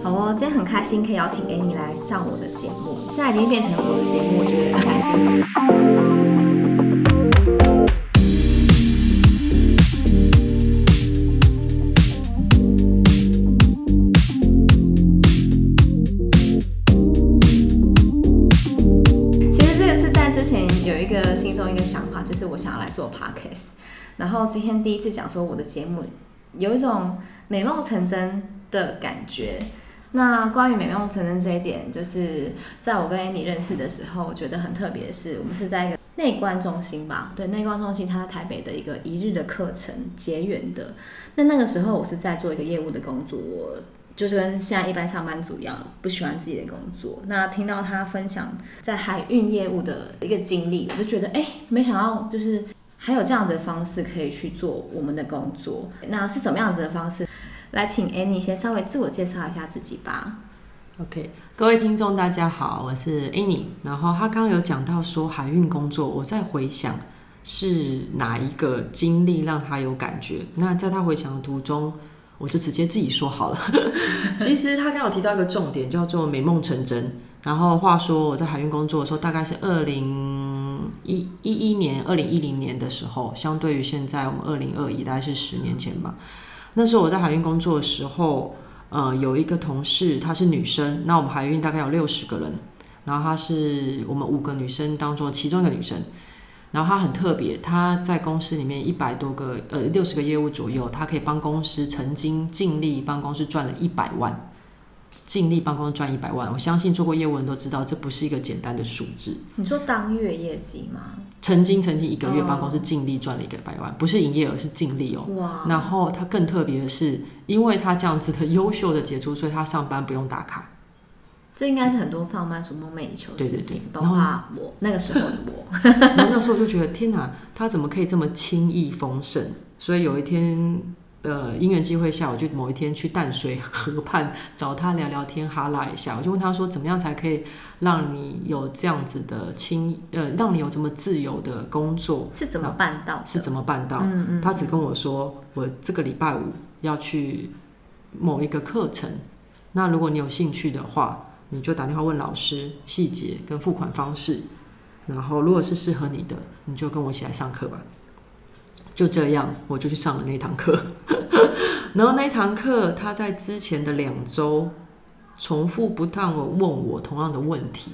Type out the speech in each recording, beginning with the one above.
好哦，今天很開心可以邀請 Annie 來上我的節目。現在已經變成了我的節目，我覺得很開心。 其實這個是在之前有一個心中一個想法，就是我想要來做 Podcast。然後今天第一次講說我的節目，有一種美夢成真的感覺。那關於美夢成真這一點，就是在我跟 Annie 認識的時候，我覺得很特別的是，我們是在一個內觀中心吧？對，內觀中心，它是台北的一個一日的課程結緣的。那那個時候我是在做一個業務的工作，我就是跟現在一般上班族一樣，不喜歡自己的工作。那聽到他分享在海運業務的一個經歷，我就覺得，哎、欸，沒想到就是還有這樣子的方式可以去做我們的工作。那是什麼樣子的方式？來，請 Annie 先稍微自我介紹一下自己吧。OK，各位聽眾大家好，我是 Annie。然後他剛剛有講到說海運工作，我在回想是哪一個經歷讓他有感覺。那在他回想的途中，我就直接自己說好了。 其實他剛剛有提到一個重點，叫做美夢成真。然後話說我在海運工作的時候，大概是二零一一一年、二零一零年的時候，相對於現在我們二零二一，大概是十年前吧。那時候我在海運工作的時候，呃，有一個同事她是女生，那我們海運大概有六十個人，然後她是我們五個女生當中其中一個女生，然後她很特別，她在公司裡面一百多個呃六十個業務左右，她可以幫公司曾經盡力幫公司賺了一百萬。盡力幫公司賺一百萬，我相信做過業務人都知道，這不是一個簡單的數字。你說當月業績嗎？曾經曾經一個月，辦公司盡力賺了一個百萬，oh. 不是營業額，是盡力哦。Wow. 然後他更特別的是，因為他這樣子的優秀的傑出，所以他上班不用打卡。這應該是很多放慢族夢寐以求的事情，包括、啊、我那個時候的我。那 那時候我就覺得，天哪，他怎麼可以這麼輕易豐盛？所以有一天。的、呃、因緣際會下，我就某一天去淡水河畔找他聊聊天，哈拉一下。我就問他說：“怎麼樣才可以讓你有這樣子的輕呃，讓你有這麼自由的工作？是怎麼辦到、啊？是怎麼辦到？”嗯嗯嗯，他只跟我說：“我這個禮拜五要去某一個課程，那如果你有興趣的話，你就打電話問老師細節跟付款方式。然後如果是適合你的，你就跟我一起來上課吧。”就這樣，我就去上了那堂課。 然後那堂課，他在之前的兩周，重複不斷問我同樣的問題。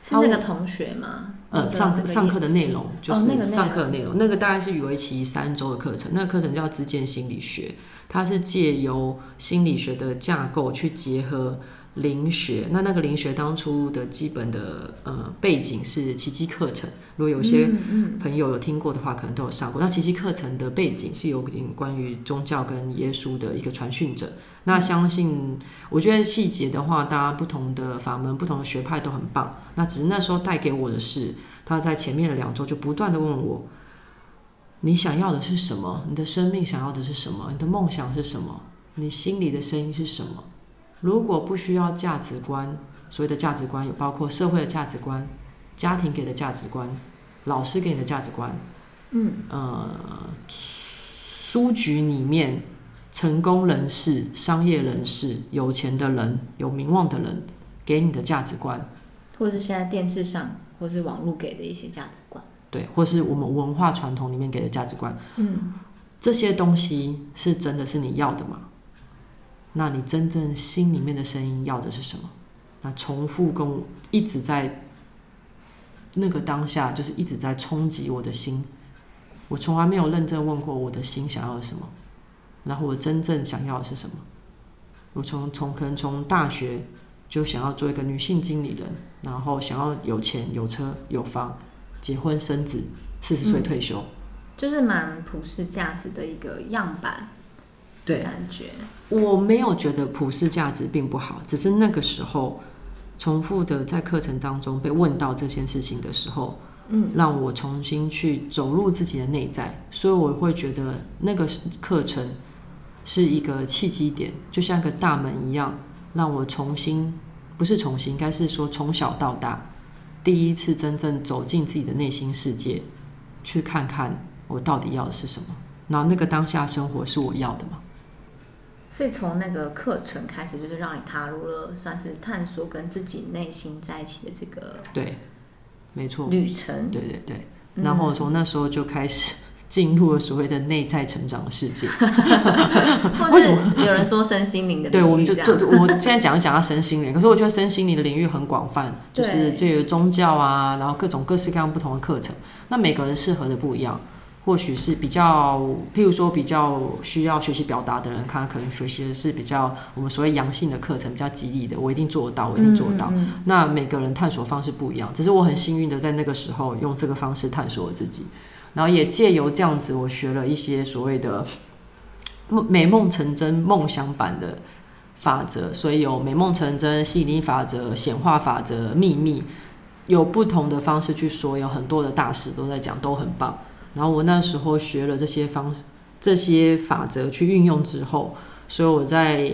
是那個同學嗎？我哦、上課的內容就是上課的內容。哦那個、容那個大概是為期三週的課程，那個課程叫《之建心理學》，它是借由心理學的架構去結合。靈學，那那個靈學當初的基本的呃背景是奇蹟課程。如果有些朋友有聽過的話，嗯嗯、可能都有上過。那奇蹟課程的背景是有點關於宗教跟耶穌的一個傳訊者。那相信，我覺得細節的話，大家不同的法門、不同的學派都很棒。那只是那時候帶給我的是，他在前面的兩周就不斷的問我：你想要的是什麼？你的生命想要的是什麼？你的夢想是什麼？你心裡的聲音是什麼？如果不需要價值觀，所謂的價值觀有包括社會的價值觀、家庭給的價值觀、老師給你的價值觀，嗯，呃，書局裡面成功人士、商業人士、有錢的人、有名望的人給你的價值觀，或是現在電視上，或是網絡給的一些價值觀，對，或是我們文化傳統裡面給的價值觀，嗯，這些東西是真的是你要的嗎？那你真正心裡面的聲音要的是什麼？那重複跟我一直在那個當下，就是一直在衝擊我的心。我從來沒有認真問過我的心想要什麼，然後我真正想要的是什麼？我從從可能從大學就想要做一個女性經理人，然後想要有錢、有車、有房，結婚生子，四十歲退休，嗯，就是蠻普世價值的一個樣板。對，感覺我沒有覺得普世價值並不好，只是那個時候重複的在課程當中被問到這件事情的時候，嗯，讓我重新去走入自己的內在，所以我會覺得那個課程是一個契機點，就像個大門一樣，讓我重新，不是重新，應該是說從小到大第一次真正走進自己的內心世界，去看看我到底要的是什麼，那那個當下生活是我要的嗎？所以從那個課程開始，就是讓你踏入了算是探索跟自己內心在一起的這個對，沒錯旅程，對對對。嗯、然後從那時候就開始進入了所謂的內在成長的世界，或者有人說身心靈的領域？對，我們就這樣就我現在講一講要身心靈， 可是我覺得身心靈的領域很廣泛，就是就有宗教啊，然後各種各式各樣不同的課程，那每個人適合的不一樣。或許是比較，譬如說比較需要學習表達的人，他可能學習的是比較我們所謂陽性的課程，比較激勵的。我一定做到，我一定做到。嗯、那每個人探索方式不一樣，只是我很幸運的在那個時候用這個方式探索我自己，然後也借由這樣子，我學了一些所謂的美夢成真夢想版的法則。所以有美夢成真、吸引力法則、顯化法則、秘密，有不同的方式去說，有很多的大師都在講，都很棒。然後我那時候學了這些方、這些法則去運用之後，所以我在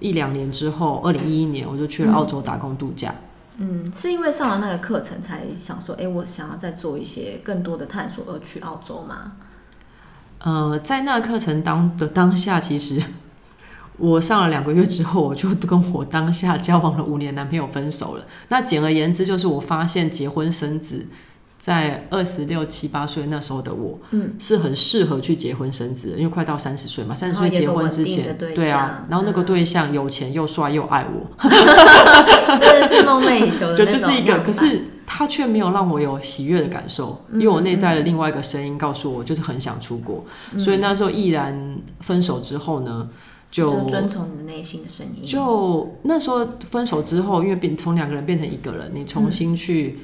一兩年之後，二零一一年我就去了澳洲打工度假。嗯，是因為上了那個課程才想說，哎，我想要再做一些更多的探索，而去澳洲嗎？呃，在那個課程當的當下，其實我上了兩個月之後，我就跟我當下交往了五年男朋友分手了。那簡而言之，就是我發現結婚生子。在二十六七八歲那時候的我，嗯，是很適合去結婚生子，因為快到三十歲嘛，三十歲結婚之前，對啊，然後那個對象有錢又帥又愛我，真的是夢寐以求的。就這是一個，可是他卻沒有讓我有喜悅的感受，因為我內在的另外一個聲音告訴我，就是很想出國，所以那時候毅然分手之後呢，就遵從你的內心的聲音。就那時候分手之後，因為變從兩個人變成一個人，你重新去。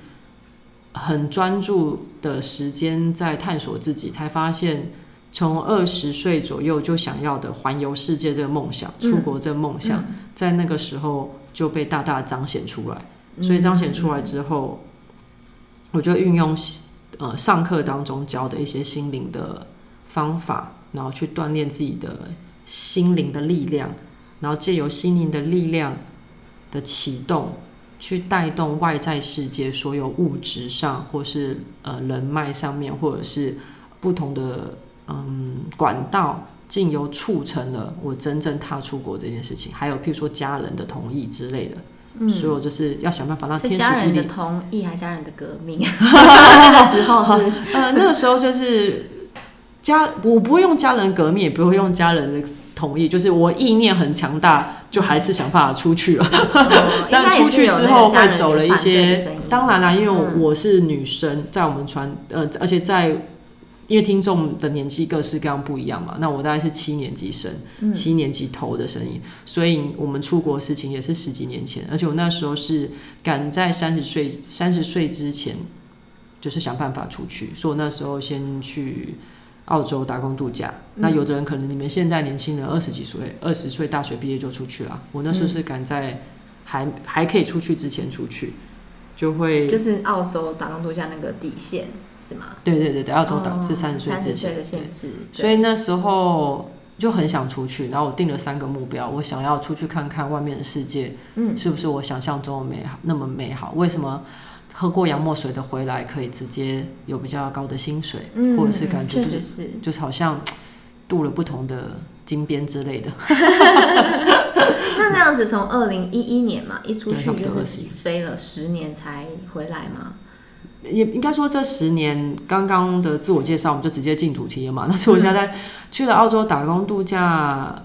很專注的時間在探索自己，才發現從二十歲左右就想要的環遊世界這個夢想、嗯、出國這個夢想，嗯、在那個時候就被大大彰顯出來。所以彰顯出來之後，嗯嗯嗯我就運用呃上課當中教的一些心靈的方法，然後去鍛鍊自己的心靈的力量，然後借由心靈的力量的啟動，去帶動外在世界所有物質上，或是呃人脈上面，或者是不同的嗯管道，進而促成了我真正踏出國這件事情。還有譬如說家人的同意之類的，嗯、所有就是要想辦法讓。是家人的同意，還家人的革命？呃、那時候那個時候就是家，我不會用家人革命，嗯、也不會用家人的同意，就是我意念很強大。就還是想辦法出去了，但出去之後會走了一些。當然啦，因為我是女生，嗯、在我們傳呃，而且在，因為聽眾的年紀各式各樣不一樣嘛。那我大概是七年級生，嗯、七年級頭的聲音，所以我們出國事情，也是十幾年前，而且我那時候是趕在三十歲三十歲之前，就是想辦法出去，所以我那時候先去。澳洲打工度假，那有的人可能你們現在年輕人二十幾歲，二十歲大學畢業就出去了。我那時候是趕在還、嗯、還可以出去之前出去，就會就是澳洲打工度假那個底線是嗎？對對對，對澳洲打、哦、是三十歲之前，三十歲的限制，對對所以那時候就很想出去，然後我定了三個目標，我想要出去看看外面的世界，嗯，是不是我想象中的美好那麼美好？為什麼？嗯喝過洋墨水的回來可以直接有比較高的薪水，嗯、或者是感覺就是、嗯、就，是、是就是好像鍍了不同的金邊之類的。 那那樣子，從二零一一年嘛、嗯、一出去就飛了十年才回來嗎？也應該說這十年，剛剛的自我介紹我們就直接進主題了嘛。那時候我現在，在去了澳洲打工度假。嗯嗯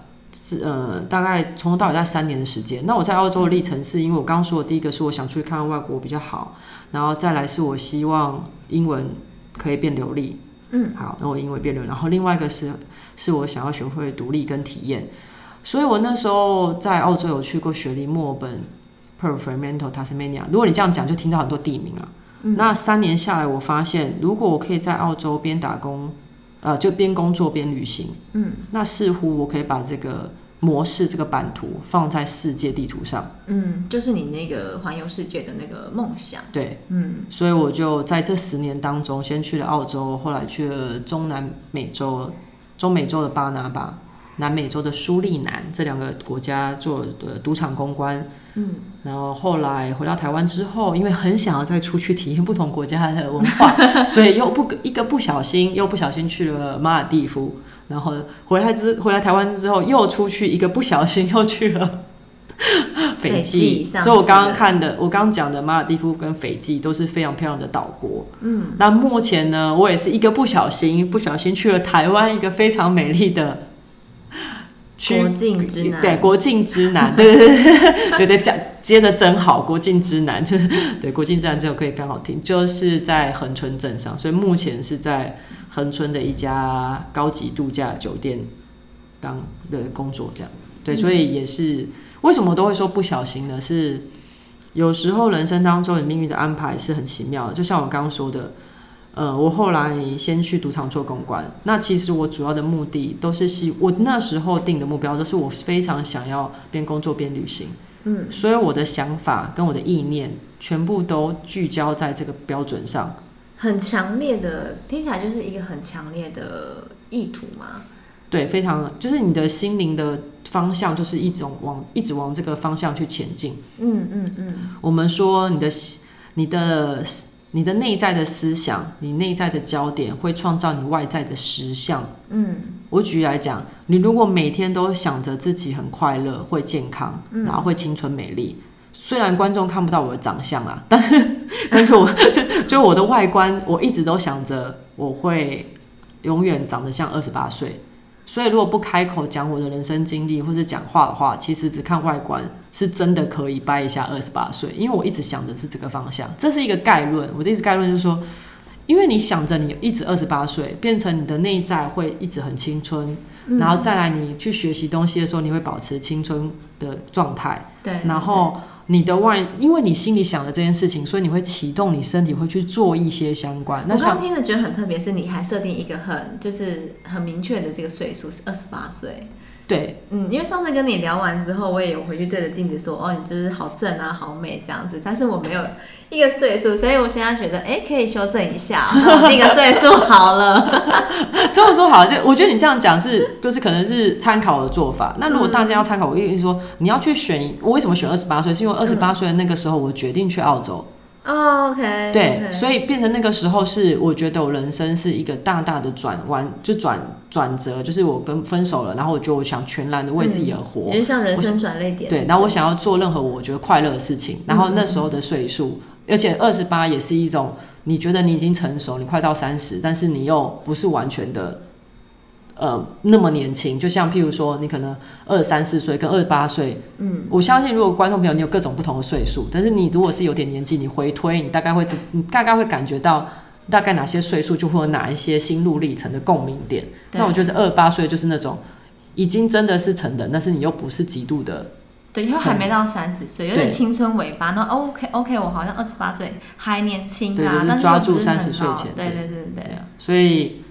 呃，大概從頭到尾在三年的時間。那我在澳洲的歷程是，因為我剛剛說的第一個是我想出去看看外國比較好，然後再來是我希望英文可以變流利，嗯，好，那我英文變流利。然後另外一個是，是我想要學會獨立跟體驗。所以我那時候在澳洲有去過雪梨、墨爾本、Perth、Fremantle、Tasmania。如果你這樣講，就聽到很多地名了。嗯、那三年下來，我發現如果我可以在澳洲邊打工。呃，就邊工作邊旅行。嗯，那似乎我可以把這個模式、這個版圖放在世界地圖上。嗯，就是你那個環遊世界的那個夢想。對，嗯，所以我就在這十年當中，先去了澳洲，後來去了中南美洲、中美洲的巴拿巴、南美洲的蘇利南這兩個國家做的賭場公關。嗯，然後後來回到台灣之後，因為很想要再出去體驗不同國家的文化， 所以又不一個不小心，又不小心去了馬爾地夫。然後回來之回來台灣之後，又出去一個不小心又去了 斐濟。濟，所以我剛剛看的，嗯、我剛講的馬爾地夫跟斐濟都是非常漂亮的島國。嗯，那目前呢，我也是一個不小心，不小心去了台灣，一個非常美麗的。去國境之南、 就是，對，國境之南，對對對講接的真好，國境之南，就是對，國境之南之後可以更好聽，就是在恆春鎮上，所以目前是在恆春的一家高級度假酒店當的工作，這樣，對，所以也是、嗯、為什麼我都會說不小心呢？是有時候人生當中你命運的安排是很奇妙的，就像我剛剛說的。呃，我後來先去賭場做公關。那其實我主要的目的都是希，我那時候定的目標都是我非常想要邊工作邊旅行。嗯，所以我的想法跟我的意念全部都聚焦在這個標準上。很強烈的，聽起來就是一個很強烈的意圖嘛。對，非常，就是你的心靈的方向，就是一種往一直往這個方向去前進。嗯嗯嗯。嗯嗯我們說你的你的。你的內在的思想，你內在的焦點，會創造你外在的實相。嗯，我舉例來講，你如果每天都想着自己很快樂，會健康，嗯，然後會青春美麗，雖然觀眾看不到我的長相啊，但是但是我就就我的外觀，我一直都想着我會永遠長得像二十八歲。所以，如果不開口講我的人生經歷或是講話的話，其實只看外觀是真的可以掰一下二十八歲，因為我一直想的是這個方向。這是一個概論，我的意思概論就是說，因為你想着你一直二十八歲，變成你的內在會一直很青春，嗯、然後再來你去學習東西的時候，你會保持青春的狀態。對，然後。你的外，因為你心裡想的這件事情，所以你會啟動你身體，會去做一些相關。我剛剛聽的覺得很特別，是你還設定一個很，就是很明確的這個歲數是二十八歲。對，嗯，因為上次跟你聊完之後，我也回去對着鏡子說，哦，你就是好正啊，好美這樣子。但是我沒有一個歲數，所以我現在選擇，哎、欸，可以修正一下那個歲數好了。 這麼說好了，就我覺得你這樣講是，就是可能是參考的做法。 那如果大家要參考，我意思是說，你要去選，我為什麼選二十八歲？是因為二十八歲的那個時候，我決定去澳洲。嗯。o、oh, k、okay, okay. 對，所以變成那個時候是，我覺得我人生是一個大大的轉彎，就轉轉折，就是我跟分手了，然後我就我想全然的為自己而活，嗯、也就是像人生轉捩點。對，然後我想要做任何我覺得快樂的事情，然後那時候的歲數，嗯、而且二十八也是一種你覺得你已經成熟，你快到三十，但是你又不是完全的。呃，那麼年輕，就像譬如說，你可能二三四歲跟二十八歲，嗯，我相信如果觀眾朋友你有各種不同的歲數，嗯、但是你如果是有點年紀，你回推，你大概會，你大概會感覺到大概哪些歲數就會有哪一些心路歷程的共鳴點。對那我覺得二十八歲就是那種已經真的是成人，但是你又不是極度的，對，因為還沒到三十歲，有點青春尾巴。那對 OK OK，我好像二十八歲還年輕啊！對對對，但抓住三十歲前，對，對對對對對，所以。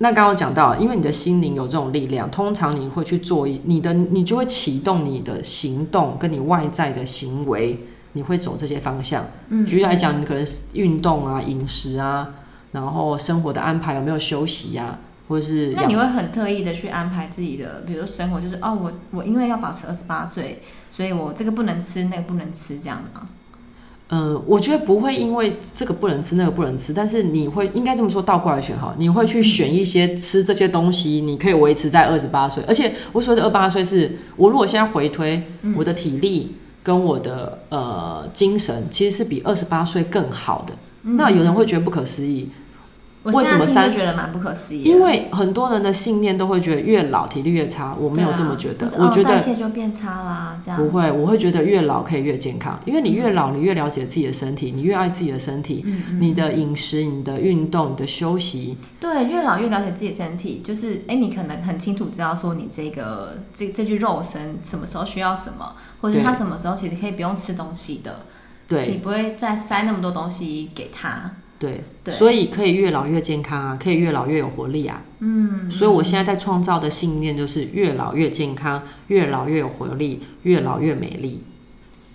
那剛剛講到，因為你的心靈有這種力量，通常你會去做一你的，你就會啟動你的行動，跟你外在的行為，你會走這些方向。嗯，舉例來講，你可能運動啊、飲食啊，然後生活的安排有沒有休息啊，或是……那你會很特意的去安排自己的，比如說生活，就是哦，我我因為要保持二十八歲，所以我這個不能吃，那個不能吃，這樣嗎？嗯、呃，我覺得不會，因為這個不能吃，那個不能吃。但是你會應該這麼說，倒過來選好，你會去選一些吃這些東西，嗯、你可以維持在二十八歲。而且我所謂的二十八歲是，是我如果現在回推，嗯、我的體力跟我的呃精神，其實是比二十八歲更好的。嗯、那有人會覺得不可思議。為什麼我覺得蠻不可思議？因為很多人的信念都會覺得越老體力越差，我沒有這麼覺得。啊哦、我覺得代謝就變差啦，這樣不會。我會覺得越老可以越健康，嗯、因為你越老，你越了解自己的身體，你越愛自己的身體。嗯嗯你的飲食、你的運動、你的休息，對，越老越了解自己的身體，就是哎、欸，你可能很清楚知道說你這個這這具肉身什麼時候需要什麼，或者他什麼時候其實可以不用吃東西的。對，你不會再塞那麼多東西給他。對，對，所以可以越老越健康啊，可以越老越有活力啊。嗯，所以我現在在創造的信念就是越老越健康，越老越有活力，越老越美麗，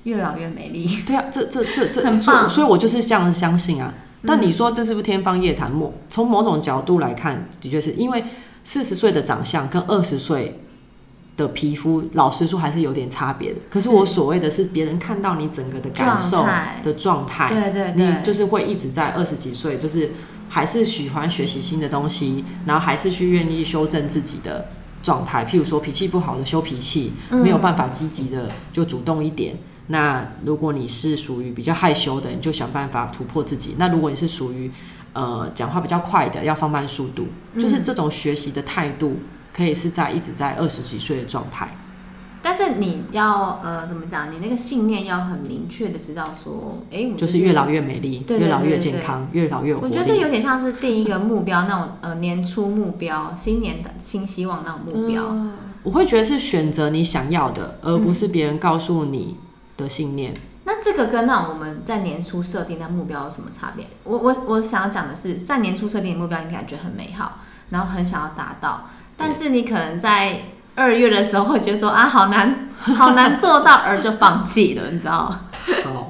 越老越美麗。對啊，這這這，這很棒，所以所以我就是這樣相信啊。對，但你說這是不是天方夜譚？從、嗯、某種角度來看，的確是因為四十歲的長相跟二十歲。的皮膚，老實說還是有點差別的。可是我所謂的是別人看到你整個的感受的狀態，對對對，你就是會一直在二十幾歲，就是還是喜歡學習新的東西，嗯、然後還是去願意修正自己的狀態。譬如說脾氣不好的修脾氣，沒有辦法積極的就主動一點。嗯、那如果你是屬於比較害羞的，你就想辦法突破自己。那如果你是屬於呃講話比較快的，要放慢速度，就是這種學習的態度。嗯可以是在一直在二十幾歲的狀態，但是你要呃怎麼講？你那個信念要很明確的知道說，哎、欸，我就是越老越美麗，對對對對，越老越健康，對對對對，越老越活。我覺得這有點像是定一個目標那種呃年初目標，新年的新希望那種目標。呃、我會覺得是選擇你想要的，而不是別人告訴你的信念、嗯。那這個跟那我們在年初設定的目標有什麼差別？我我我想要講的是，在年初設定的目標，你感覺很美好，然後很想要達到。但是你可能在二月的時候，會覺得說啊，好難，好難做到， 而就放棄了，你知道？好、哦，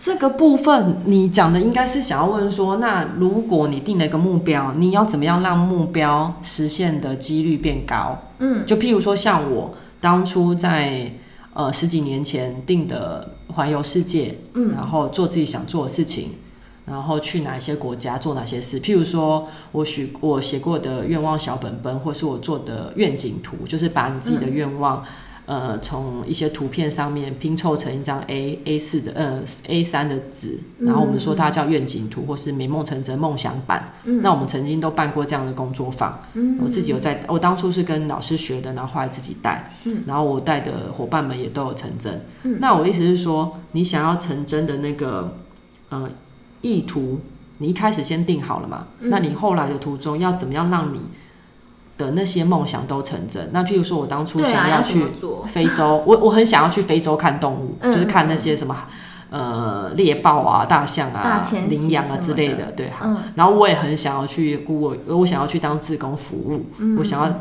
這個部分你講的應該是想要問說，那如果你定了一個目標，你要怎麼樣讓目標實現的幾率變高？嗯，就譬如說像我當初在呃十幾年前定的環遊世界，嗯，然後做自己想做的事情。然後去哪一些國家做哪些事？譬如說我許我寫過的願望小本本，或是我做的願景圖，就是把你自己的願望，嗯、呃，從一些圖片上面拼湊成一張 A A 四的呃 A 三的紙，然後我們說它叫願景圖，或是美夢成真夢想版。嗯、那我們曾經都辦過這樣的工作坊，嗯、我自己有在，我當初是跟老師學的，然後後來自己帶，然後我帶的夥伴們也都有成真。嗯、那我的意思是說，你想要成真的那個，嗯、呃。意圖，你一開始先定好了嘛？嗯、那你後來的途中要怎麼樣讓你的那些夢想都成真？那譬如說，我當初想要去非洲，啊、 我我很想要去非洲看動物，嗯、就是看那些什麼呃獵豹啊、大象啊、羚前羊啊之類的，的對哈。嗯、然後我也很想要去過，我我想要去當志工服務，嗯、我想要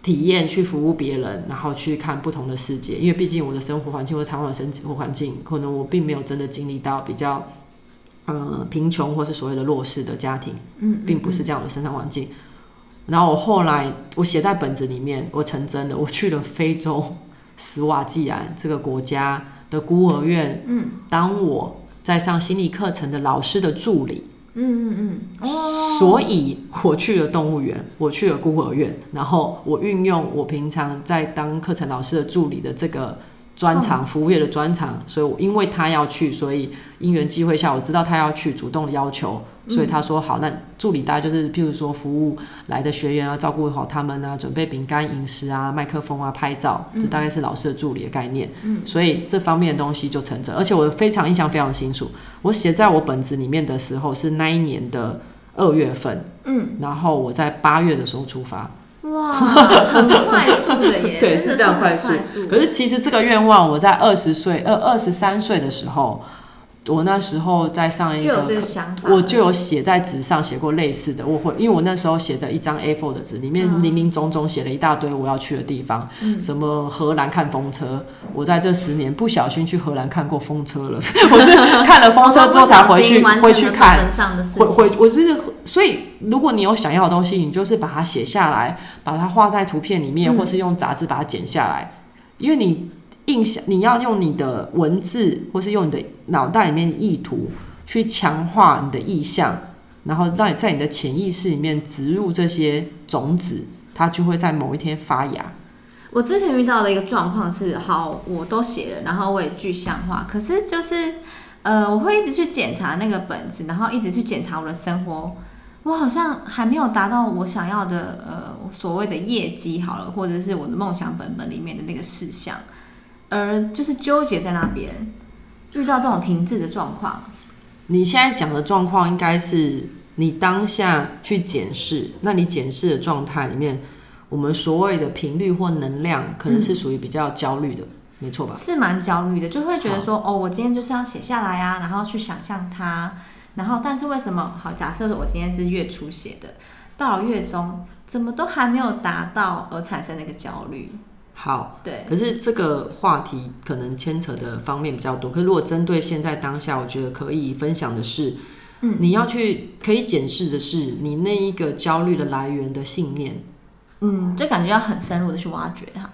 體驗去服務別人，然後去看不同的世界，嗯、因為畢竟我的生活環境或者台灣的生活環境，可能我並沒有真的經歷到比較。嗯，貧窮或是所謂的弱勢的家庭，並不是這樣的生長環境。嗯嗯嗯。然後我後來我寫在本子裡面，我成真的，我去了非洲史瓦濟蘭這個國家的孤兒院。嗯，嗯，當我在上心理課程的老師的助理。嗯嗯嗯。所以我去了動物園，我去了孤兒院，然後我運用我平常在當課程老師的助理的這個。專長，服務業的專長，所以我因為他要去，所以因緣際會下，我知道他要去，主動要求，所以他說好，那助理大家就是，譬如說服務來的學員啊，照顧好他們啊，準備餅乾、飲食啊，麥克風啊，拍照，這大概是老師的助理的概念。所以這方面的東西就成真，而且我非常印象非常清楚，我寫在我本子裡面的時候是那一年的二月份，嗯，然後我在八月的時候出發。哇，很快速的耶！ 對，是這樣快速。可是其實這個願望，我在二十歲、二二十三歲的時候，我那時候在上一個，就有這個想法，我就有寫在紙上寫過類似的。我會，因為我那時候寫的一張 A4 的紙，裡面林林總總寫了一大堆我要去的地方，嗯、什麼荷蘭看風車。我在這十年不小心去荷蘭看過風車了，嗯、 我是看了風車之後才回去，哦，回去，回去看，回，回，我就是，所以。如果你有想要的東西，你就是把它寫下來，把它畫在圖片裡面，或是用雜誌把它剪下來，嗯，因為你印象，你要用你的文字，或是用你的腦袋裡面的意圖去強化你的意向，然後讓你在你的潛意識裡面植入這些種子，它就會在某一天發芽。我之前遇到的一個狀況是，好，我都寫了，然後我也具象化，可是就是，呃，我會一直去檢查那個本子，然後一直去檢查我的生活。我好像還沒有達到我想要的，呃，所謂的業績好了，或者是我的夢想本本裡面的那個事項，而就是糾結在那邊，遇到這種停滯的狀況。你現在講的狀況，應該是你當下去檢視，那你檢視的狀態裡面，我們所謂的頻率或能量，可能是屬於比較焦慮的，嗯、沒錯吧？是蠻焦慮的，就會覺得說，好哦，我今天就是要寫下來呀，啊，然後去想象它。然後，但是為什麼好？假設我今天是月初寫的，到了月中，怎麼都還沒有達到，而產生那個焦慮。好，對。可是這個話題可能牽扯的方面比較多。可是如果針對現在當下，我覺得可以分享的是，嗯，你要去可以檢視的是你那一個焦慮的來源的信念。嗯，就感覺要很深入的去挖掘它。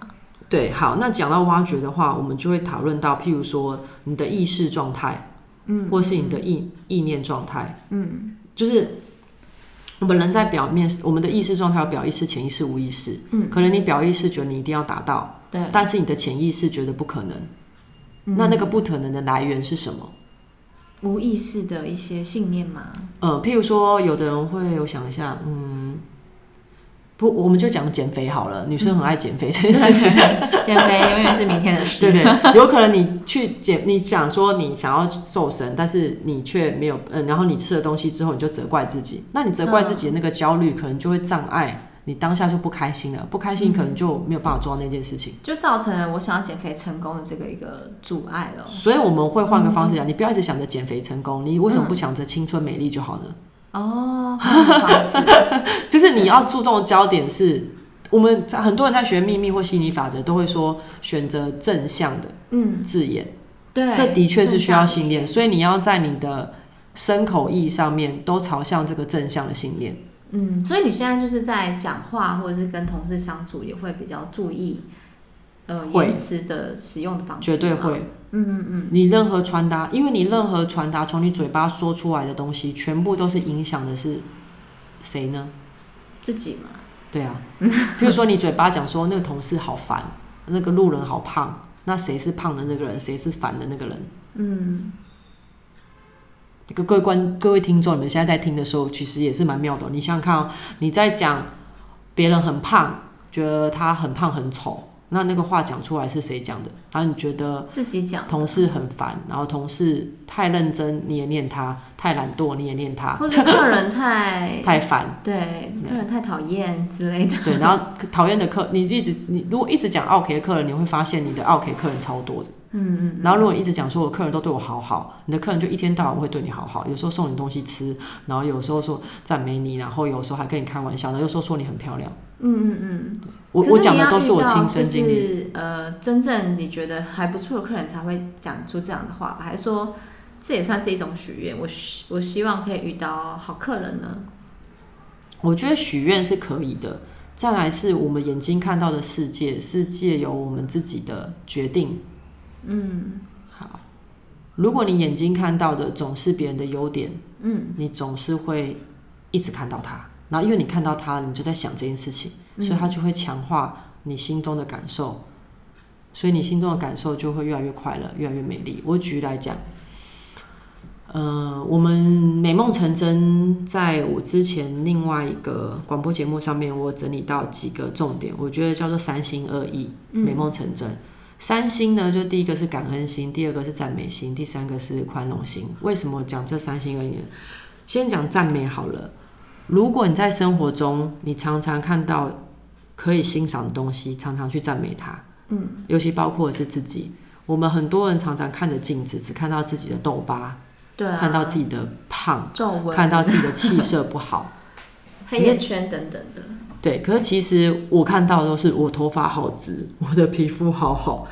對，好。那講到挖掘的話，我們就會討論到，譬如說你的意識狀態。嗯，或是你的意意念狀態，嗯，嗯，就是我們人在表面，我們的意識狀態有表意識、潛意識、無意識，嗯，可能你表意識覺得你一定要達到，對，但是你的潛意識覺得不可能，嗯，那那個不可能的來源是什麼？無意識的一些信念嗎？嗯，呃，譬如說，有的人會，我想一下，嗯。我，我們就講減肥好了，女生很愛減肥這件事情。嗯、減肥永遠是明天的事。 對不對，有可能你去減，你想說你想要瘦身，但是你卻沒有，嗯、呃，然後你吃了東西之後，你就責怪自己。那你責怪自己的那個焦慮，可能就會障礙、嗯、你當下就不開心了。不開心可能就沒有辦法做到那件事情，嗯、就造成了我想要減肥成功的這個一個阻礙了。所以我們會換個方式講，你不要一直想着減肥成功，你為什麼不想着青春美麗就好呢？嗯哦，oh, 就是你要注重的焦點是，對我們在很多人在學秘密或心理法則，都會說選擇正向的嗯字眼，嗯、對，這的確是需要訓練，正正所以你要在你的身口意上面都朝向這個正向的信念。嗯，所以你現在就是在講話或者是跟同事相處，也會比較注意呃言辭的使用的方式。絕對會。嗯嗯嗯，你任何傳達，因為你任何傳達從你嘴巴說出來的東西，全部都是影響的是誰呢？自己嗎？對啊，譬如說你嘴巴講說那個同事好煩， 那個路人好胖，那誰是胖的那個人？誰是煩的那個人？嗯，各各位觀眾各位聽眾，你們現在在聽的時候，其實也是蠻妙的。你想想看哦，你在講別人很胖，覺得他很胖很醜。那那個話講出來是誰講的？然後你覺得自己講同事很煩，然後同事太認真你也念他，太懶惰你也念他，或者客人太 太煩煩，對，客人太討厭之類的。對，然後討厭的客你一直你如果一直講 OK 的客人，你會發現你的 OK 客人超多的。嗯嗯。然後如果你一直講說我客人都對我好好，你的客人就一天到晚會對你好好，有時候送你東西吃，然後有時候說讚美你，然後有時候還跟你開玩笑，然後有時候說你很漂亮。嗯嗯嗯，我我講的都是我親身經歷。呃，真正你覺得還不錯的客人才會講出這樣的話吧？還是說這也算是一種許願？我我希望可以遇到好客人呢。我覺得許願是可以的。再來是我們眼睛看到的世界是借由我們自己的決定。嗯，好。如果你眼睛看到的總是別人的優點，嗯，你總是會一直看到他。然後因為你看到它，你就在想這件事情，嗯、所以它就會強化你心中的感受，所以你心中的感受就會越來越快樂，越來越美麗。我舉例來講，呃，我們美夢成真，在我之前另外一個廣播節目上面，我整理到幾個重點，我覺得叫做三心二意，美夢成真。嗯、三心呢，就第一個是感恩心，第二個是讚美心，第三個是寬容心。為什麼我講這三心二意呢？先講讚美好了。如果你在生活中，你常常看到可以欣賞的東西，常常去讚美它，嗯，尤其包括是自己。我們很多人常常看着鏡子，只看到自己的痘疤，對、啊，看到自己的胖、文看到自己的氣色不好、 是黑眼圈等等的。對，可是其實我看到的都是我頭髮好直，我的皮膚好好，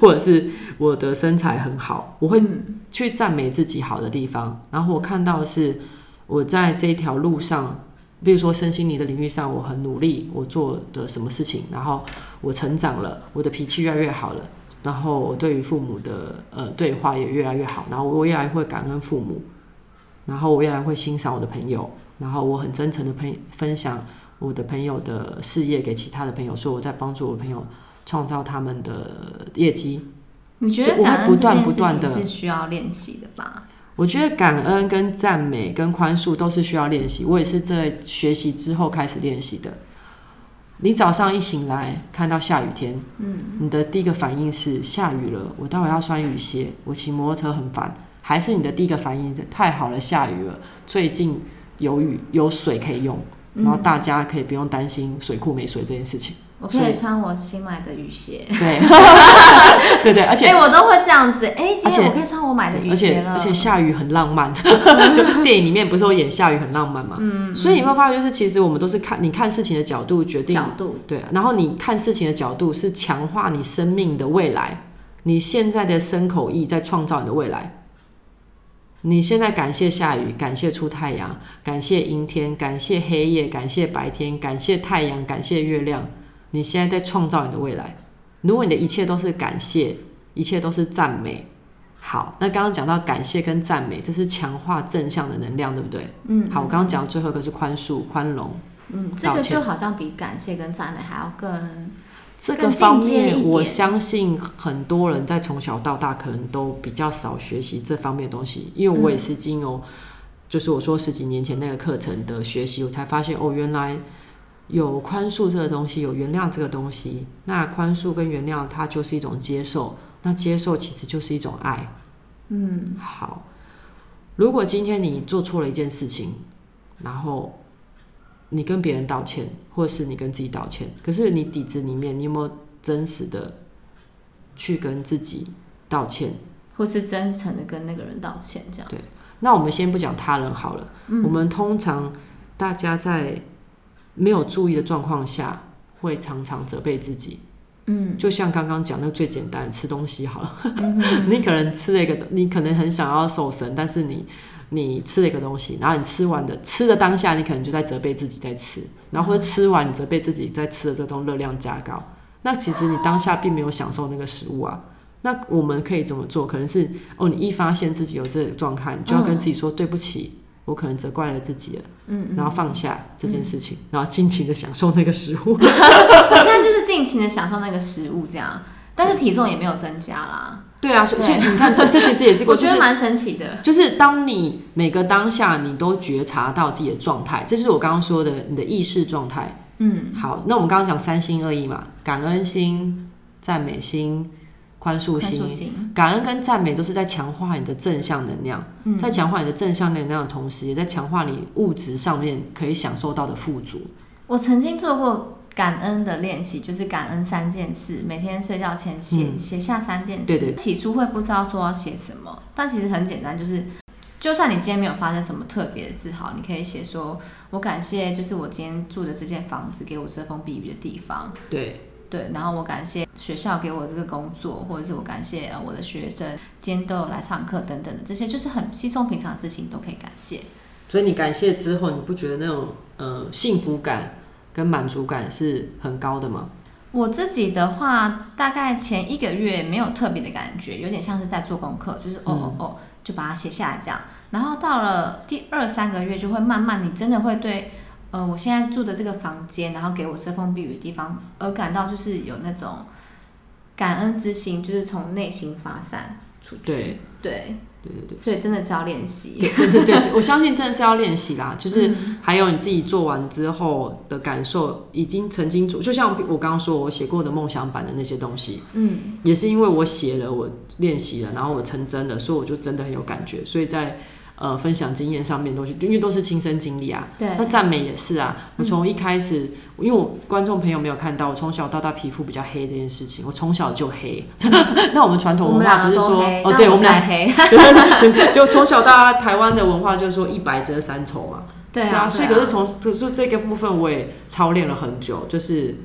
或者是我的身材很好，我會去讚美自己好的地方。嗯、然後我看到的是。我在這條路上，比如說身心靈的領域上，我很努力，我做的什麼事情，然後我成長了，我的脾氣越來越好了，然後我對於父母的呃對話也越來越好，然後我越來越會感恩父母，然後我越來越會欣賞我，我，我的朋友，然後我很真誠的分享我的朋友的事業給其他的朋友，說我在幫助我朋友創造他們的業績。你覺得感恩我會不斷不斷這件事情是需要練習的吧？我覺得感恩、跟讚美、跟寬恕都是需要練習。我也是在學習之後開始練習的。你早上一醒來，看到下雨天，嗯，你的第一個反應是下雨了，我待會要穿雨鞋，我騎摩托車很煩。還是你的第一個反應是太好了，下雨了，最近有雨，有水可以用。然後大家可以不用擔心水庫沒水這件事情。我可以，以穿我新買的雨鞋。對，對對，對，對，對，而且、欸、我都會這樣子哎，今天且我可以穿我買的雨鞋了。而且，而且下雨很浪漫， 就電影裡面不是有演下雨很浪漫嘛？嗯，所以你會發現，嗯、就是其實我們都是看你看事情的角度決定角度，對。然後你看事情的角度是強化你生命的未來，你現在的身口意在創造你的未來。你現在感謝下雨，感謝出太陽，感謝陰天，感謝黑夜，感謝白天，感謝太陽，感謝月亮。你現在在創造你的未來。如果你的一切都是感謝，一切都是讚美，好，那剛剛講到感謝跟讚美，這是強化正向的能量，對不對？嗯，好，我剛剛講到最後一個是寬恕、寬容，嗯，這個就好像比感謝跟讚美還要更。這個方面，我相信很多人在從小到大可能都比較少學習這方面的東西，因為我也是經由，就是我說十幾年前那個課程的學習，我才發現哦，原來有寬恕這個東西，有原諒這個東西。那寬恕跟原諒，它就是一種接受，那接受其實就是一種愛。嗯，好。如果今天你做錯了一件事情，然後你跟別人道歉，或是你跟自己道歉，可是你底子裡面，你有沒有真實的去跟自己道歉，或是真誠的跟那個人道歉？這樣對。那我們先不講他人好了，嗯、我們通常大家在沒有注意的狀況下，會常常責備自己。嗯，就像剛剛講的最簡單吃東西好了， 你可能吃了、那、一個，你可能很想要瘦身，但是你。你吃了一個東西，然後你吃完的吃的當下，你可能就在責備自己在吃，然後或者吃完你責備自己在吃的這種熱量加高。那其實你當下並沒有享受那個食物啊。啊那我們可以怎麼做？可能是哦，你一發現自己有這個狀態，你就要跟自己說、嗯、對不起，我可能責怪了自己了。嗯嗯。然後放下這件事情，嗯、然後盡情的享受那個食物。 我現在就是盡情的享受那個食物，這樣，但是體重也沒有增加啦。嗯對啊，對，所以你看這，對這這其實也是我覺得蠻神奇的，就是當你每個當下你都覺察到自己的狀態，這是我剛剛說的你的意識狀態。嗯，好，那我們剛剛講三心二意嘛，感恩心、讚美心、寬恕心。寬恕心。感恩跟讚美都是在強化你的正向能量，在強化你的正向能量的同時，嗯，也在強化你物質上面可以享受到的富足。我曾經做過。感恩的練習就是感恩三件事，每天睡覺前寫寫、嗯、下三件事。對對。起初會不知道說要寫什麼，但其實很簡單，就是就算你今天沒有發生什麼特別的事，好，你可以寫說我感謝，就是我今天住的這間房子給我遮風避雨的地方。對對，然後我感謝學校給我這個工作，或者是我感謝我的學生今天都有來上課等等的，這些就是很稀鬆平常的事情都可以感謝。所以你感謝之後，你不覺得那種、呃、幸福感？跟滿足感是很高的嗎？我自己的話，大概前一個月沒有特別的感覺，有點像是在做功課，就是哦哦，哦，就把它寫下來這樣。然後到了第二三個月，就會慢慢，你真的會對呃，我現在住的這個房間，然後給我遮風避雨的地方，而感到就是有那種感恩之心，就是從內心發散出去，對。對對對對，所以真的是要練習。對，對對對，我相信真的是要練習啦。 就是還有你自己做完之後的感受，已經曾經做，就像我剛剛說，我寫過的夢想版的那些東西，嗯，也是因為我寫了，我練習了，然後我成真了，所以我就真的很有感覺。所以在。呃，分享經驗上面的東西，因為都是親身經歷啊。對。那讚美也是啊。我從一開始，嗯、因為我觀眾朋友沒有看到，我從小到大皮膚比較黑這件事情，我從小就黑。 那我們傳統文化不是說，哦，對，我們倆黑。就從小到大台灣的文化就是說一白遮三醜嘛。 對啊。所以，可是從就是這個部分，我也操練了很久，就是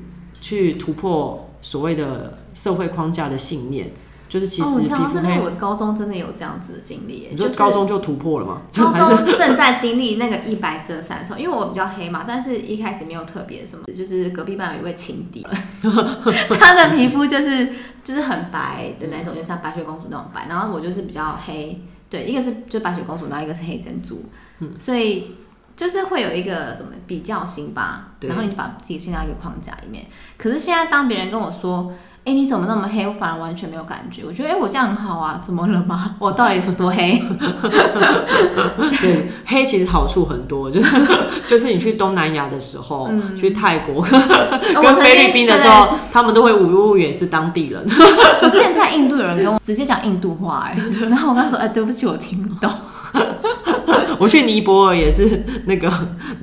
去突破所謂的社會框架的信念。就是其實，哦，我想到這邊，我高中真的有這樣子的經歷，就高中就突破了嗎？高中正在經歷那個一白遮三醜， 因為我比較黑嘛，但是一開始沒有特別什麼，就是隔壁班有一位情敵， 他的皮膚就是就是很白的那種，嗯、就像白雪公主那種白，然後我就是比較黑，對，一個是就白雪公主那，然後一個是黑珍珠，嗯，所以就是會有一個怎麼比較心吧，然後你就把自己陷到一個框架裡面，對可是現在當別人跟我說，哎、欸，你怎麼那麼黑？我反而完全沒有感覺。我覺得哎、欸，我這樣很好啊，怎麼了嗎？我到底有多黑？ 對，黑其實好處很多，就是就是你去東南亞的時候，嗯、去泰國跟菲律賓的時候，他們都會誤以為是當地人。 我之前在印度，有人跟我直接講印度話、欸，哎，然後我剛說哎、欸，對不起，我聽不懂。 我去尼泊爾也是，那個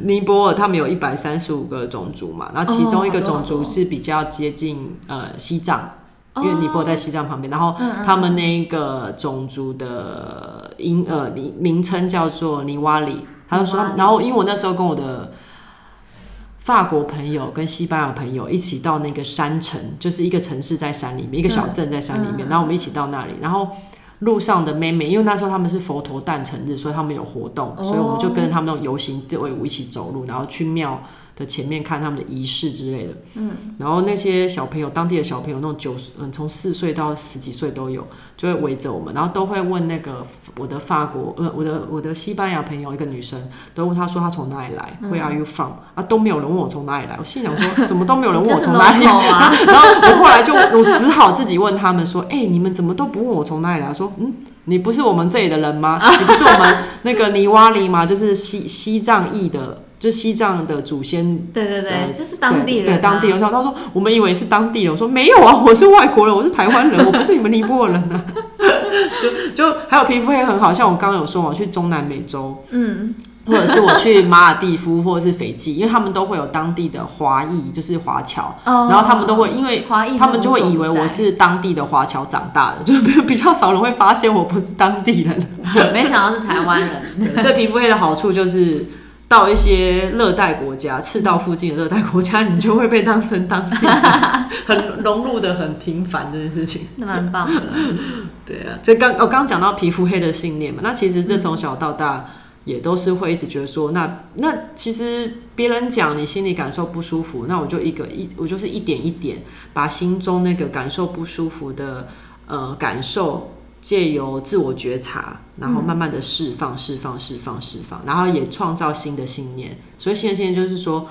尼泊爾，他們有一百三十五個種族嘛，然後其中一個種族是比較接近、哦、呃西藏，因為尼泊爾在西藏旁邊，哦、然後他們那個種族的英、嗯、呃名名稱叫做尼瓦里，嗯、他就說他，嗯、然後因為我那時候跟我的法國朋友跟西班牙朋友一起到那個山城，就是一個城市在山裡面，嗯、一個小鎮在山裡面，嗯、然後我們一起到那裡，然後。路上的妹妹，因為那時候他們是佛陀誕辰日，所以他們有活動，oh. 所以我們就跟着他們那種遊行隊伍一起走路，然後去廟。的前面看他們的儀式之類的，嗯，然後那些小朋友，當地的小朋友，那種九嗯，從四歲到十幾歲都有，就會圍着我們，然後都會問那個我的法國呃，我的我的西班牙朋友一個女生，都問她說她從哪裡來，Where、嗯、are you from 啊都沒有人問我從哪裡來，我心想說怎麼都沒有人問我從哪裡來 啊，然後我後來就我只好自己問他們說，哎、欸、你們怎麼都不問我從哪裡來？說嗯你不是我們這裡的人嗎？你不是我們那個尼瓦裡嗎？就是西西藏裔的。就西藏的祖先，對對對，呃、就是當地人、啊，對，對，當地人、啊。我想他說：“我們以為是當地人。”我說：“沒有啊，我是外國人，我是台灣人，我不是你們尼泊爾人。”啊。 就，就還有皮膚黑很好，像我剛剛有說，我去中南美洲，嗯，或者是我去馬爾地夫或者是斐濟，因為他們都會有當地的華裔，就是華僑，哦、然後他們都會因為華裔，他們就會以為我是當地的華僑長大的，就比較少人會發現我不是當地人。沒想到是台灣人，所以皮膚黑的好處就是。到一些熱帶國家、赤道附近的熱帶國家， 你就會被當成當地，很融入的很平凡這件事情， 那蠻棒的、啊。對啊，所以剛我剛剛講到皮膚黑的信念嘛，那其實這從小到大也都是會一直覺得說，嗯、那那其實別人講你心裡感受不舒服，那我就一個一我就是一點一點把心中那個感受不舒服的呃感受。借由自我覺察，然後慢慢的釋放，釋放、嗯，釋放，釋放，然後也創造新的信念。所以，現在就是說，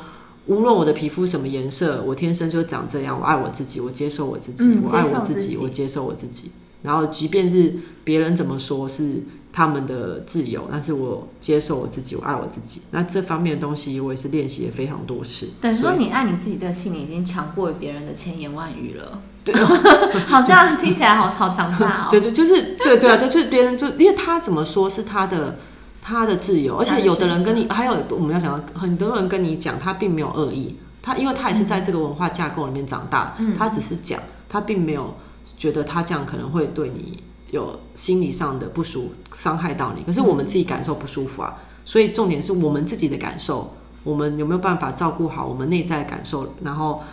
無論我的皮膚什麼顏色，我天生就長這樣，我愛我自己，我接受我自己，嗯、我愛我自己，接受自己我接受我自己。然後，即便是別人怎麼說是他們的自由，但是我接受我自己，我愛我自己。那這方面的東西，我也是練習也非常多次。等於、嗯、以說，你愛你自己在心裡已經強過於別人的千言萬語了。 對、哦， 好像聽起來好好強大哦。對 對，就是對對啊，對，就是別人就因為他怎麼說是他的他的自由，而且有的人跟你還有我們要講很多人跟你講，他並沒有惡意，他因為他也是在這個文化架構裡面長大，的、嗯哼。他只是講他並沒有覺得他這樣可能會對你有心理上的不舒傷害到你。可是我們自己感受不舒服啊，嗯、哼所以重點是我們自己的感受，我們有沒有辦法照顧好我們內在的感受，然後。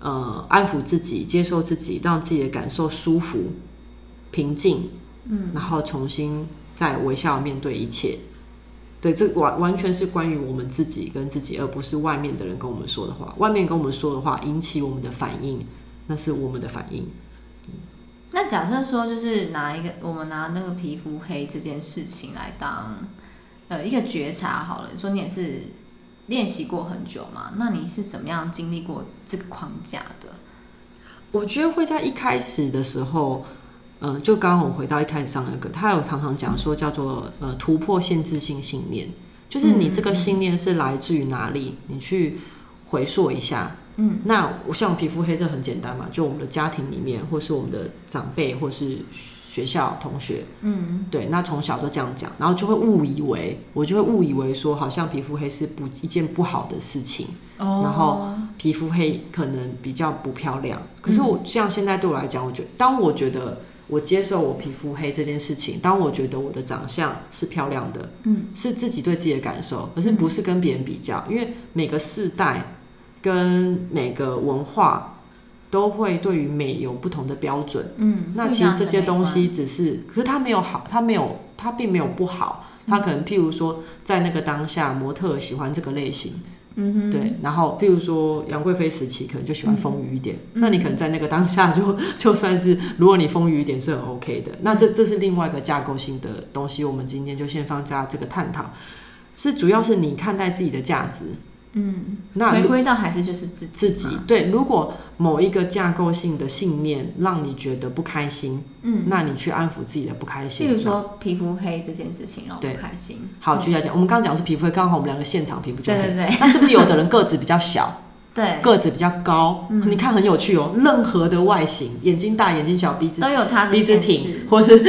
呃，安撫自己，接受自己，讓自己的感受舒服、平靜，嗯，然後重新再微笑面對一切。對，這完完全是關於我們自己跟自己，而不是外面的人跟我們說的話。外面跟我們說的話引起我們的反應，那是我們的反應。嗯。那假設說，就是拿一個，我們拿那個皮膚黑這件事情來當，呃，一個覺察好了。說你也是。練習過很久嗎？那你是怎麼樣經歷過這個框架的？我覺得會在一開始的時候，嗯、呃，就剛剛我回到一開始上那個，他有常常講說叫做呃突破限制性信念，就是你這個信念是來自於哪裡？嗯、你去回溯一下，嗯，那像我像皮膚黑這很簡單嘛，就我們的家庭裡面，或是我們的長輩，或是。學校同學，嗯，對，那從小都這樣講，然後就會誤以為，我就會誤以為說，好像皮膚黑是不一件不好的事情，哦、然後皮膚黑可能比較不漂亮。可是我、嗯、像現在對我來講，我覺得當我覺得我接受我皮膚黑這件事情，當我覺得我的長相是漂亮的，嗯，是自己對自己的感受，可是不是跟別人比較，嗯、因為每個世代跟每個文化。都會對於美有不同的標準，嗯，那其實這些東西只是，可是它沒有好，它沒有，它並沒有不好，它可能譬如說在那個當下，模特喜歡這個類型，嗯哼，對，然後譬如說楊貴妃時期可能就喜歡豐腴一點，嗯、哼那你可能在那個當下就就算是，如果你豐腴一點是很 OK 的，那這這是另外一個架構性的東西，我們今天就先放在這個探討，是主要是你看待自己的價值。嗯，那回歸到還是就是自己自己對。如果某一個架構性的信念讓你覺得不開心，嗯，那你去安撫自己的不開心。例如說皮膚黑這件事情讓我不開心，好，繼續來講。我們剛剛講的是皮膚黑，剛好我們兩個現場皮膚就黑。對對對，那是不是有的人個子比較小？ 對，個子比較高。嗯，你看很有趣哦，任何的外形，眼睛大眼睛小，鼻子都有它的，鼻子挺，或是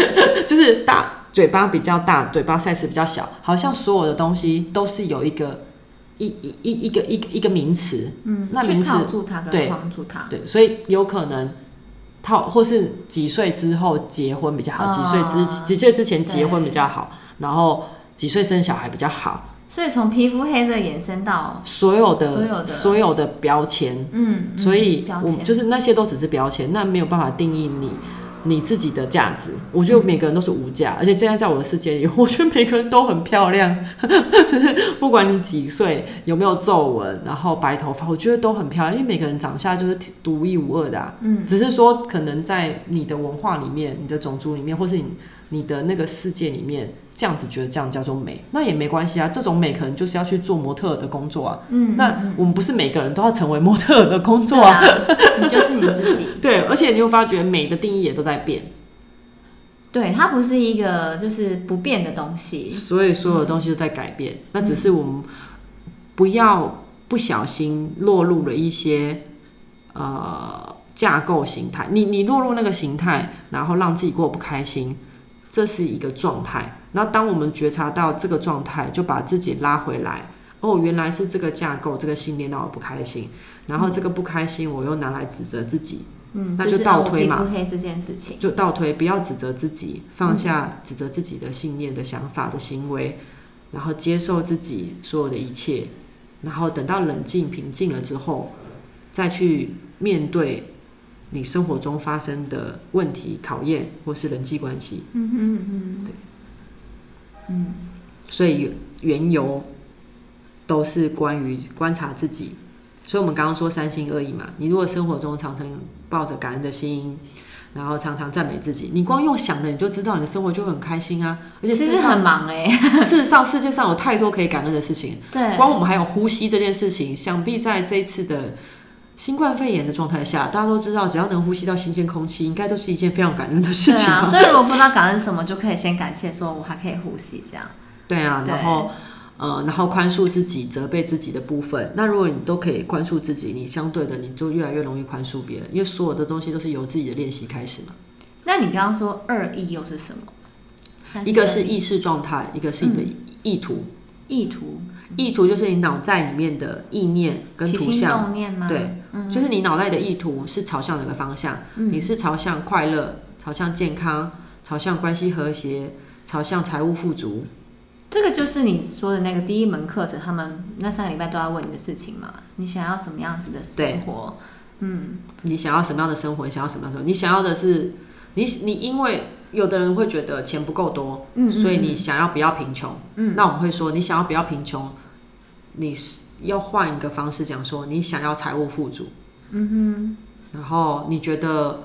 就是大嘴巴比較大，嘴巴 size 比較小，好像所有的東西都是有一個。一一一一個一個一個名詞，嗯，那名詞，他他他對，對，所以有可能套或是幾歲之後結婚比較好，哦、幾歲之幾歲之前結婚比較好，對然後幾歲生小孩比較好。所以從皮膚黑色延伸到所有的所有的,所有的標籤、嗯，嗯，所以我就是那些都只是標籤，嗯、那沒有辦法定義你。你自己的價值，我覺得每個人都是無價，嗯，而且現在在我的世界裡，我覺得每個人都很漂亮， 就是不管你幾歲，有沒有皺紋，然後白頭髮，我覺得都很漂亮，因為每個人長相就是獨一無二的啊，嗯，只是說可能在你的文化裡面、你的種族裡面，或是你。你的那個世界裡面，這樣子覺得這樣叫做美，那也沒關係啊。這種美可能就是要去做模特的工作啊。嗯，那我們不是每個人都要成為模特的工作啊，對啊。你就是你自己。 對，而且你會發覺美的定義也都在變。對，它不是一個就是不變的東西。所以所有的東西都在改變。嗯，那只是我們不要不小心落入了一些呃架構形態。你你落入那個形態，然後讓自己過得不開心。這是一個狀態，那當我們覺察到這個狀態，就把自己拉回來。哦，原來是這個架構，這個信念讓我不開心，然後這個不開心，我又拿來指責自己。嗯，那就倒推嘛。就是我皮膚黑這件事情，就倒推，不要指責自己，放下指責自己的信念的想法的行為，嗯，然後接受自己所有的一切，然後等到冷靜平靜了之後，再去面對。你生活中發生的問題、考驗，或是人際關係，嗯嗯嗯，對，嗯，所以緣由都是關於觀察自己。所以我們剛剛說三心二意嘛，你如果生活中常常抱着感恩的心，嗯、然後常常讚美自己，你光用想的你就知道你的生活就會很開心啊。而且實其實很忙誒、欸？ 事實上世界上有太多可以感恩的事情。對，光我們還有呼吸這件事情，想必在這次的。新冠肺炎的狀態下，大家都知道，只要能呼吸到新鮮空氣，應該都是一件非常感恩的事情。嗯，對啊。所以如果不知道感恩什麼， 就可以先感謝，說我還可以呼吸，這樣。對啊，對，然後，呃，然後寬恕自己、責備自己的部分。那如果你都可以寬恕自己，你相對的你就越來越容易寬恕別人，因為所有的東西都是由自己的練習開始嘛。那你剛剛說二意、e、又是什麼？一個是意識狀態，一個是你的意圖。嗯、意圖。意圖就是你腦袋裡面的意念跟圖像，念嗎？對，嗯、就是你腦袋的意圖是朝向哪個方向？嗯、你是朝向快樂，朝向健康，朝向關係和諧，朝向財務富足。這個就是你說的那個第一門課程，他們那三個禮拜都要問你的事情嘛。你想要什麼樣子的生活？對嗯，你活，你想要什麼樣的生活？想要什麼樣子？你想要的是你，你因為有的人會覺得錢不夠多，嗯嗯、所以你想要不要貧窮？嗯，那我們會說，你想要不要貧窮？你是要換一個方式講說，你想要財務富足，嗯哼，然後你覺得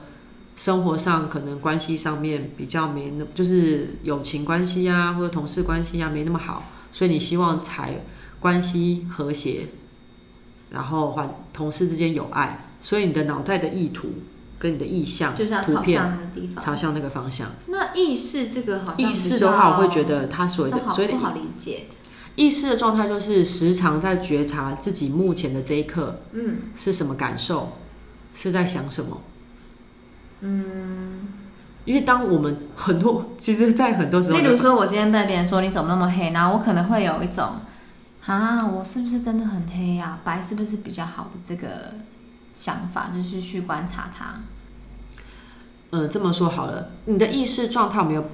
生活上可能關係上面比較沒那，就是友情關係啊，或者同事關係啊沒那麼好，所以你希望財關係和諧，嗯哼，然後同同事之間有愛，所以你的腦袋的意圖跟你的意向，就是朝向那個地方，朝向那個方向。那意識這個好、好意識的話，我會覺得它所謂的所以、嗯、不好理解。意識的狀態就是時常在覺察自己目前的這一刻，嗯，是什麼感受，嗯、是在想什麼，嗯，因為當我們很多，其實在很多時候，例如說，我今天被別人說你怎麼那麼黑，然後我可能會有一種，啊，我是不是真的很黑呀、啊？白是不是比較好的這個想法，就是去觀察它。嗯，這麼說好了，你的意識狀態沒有，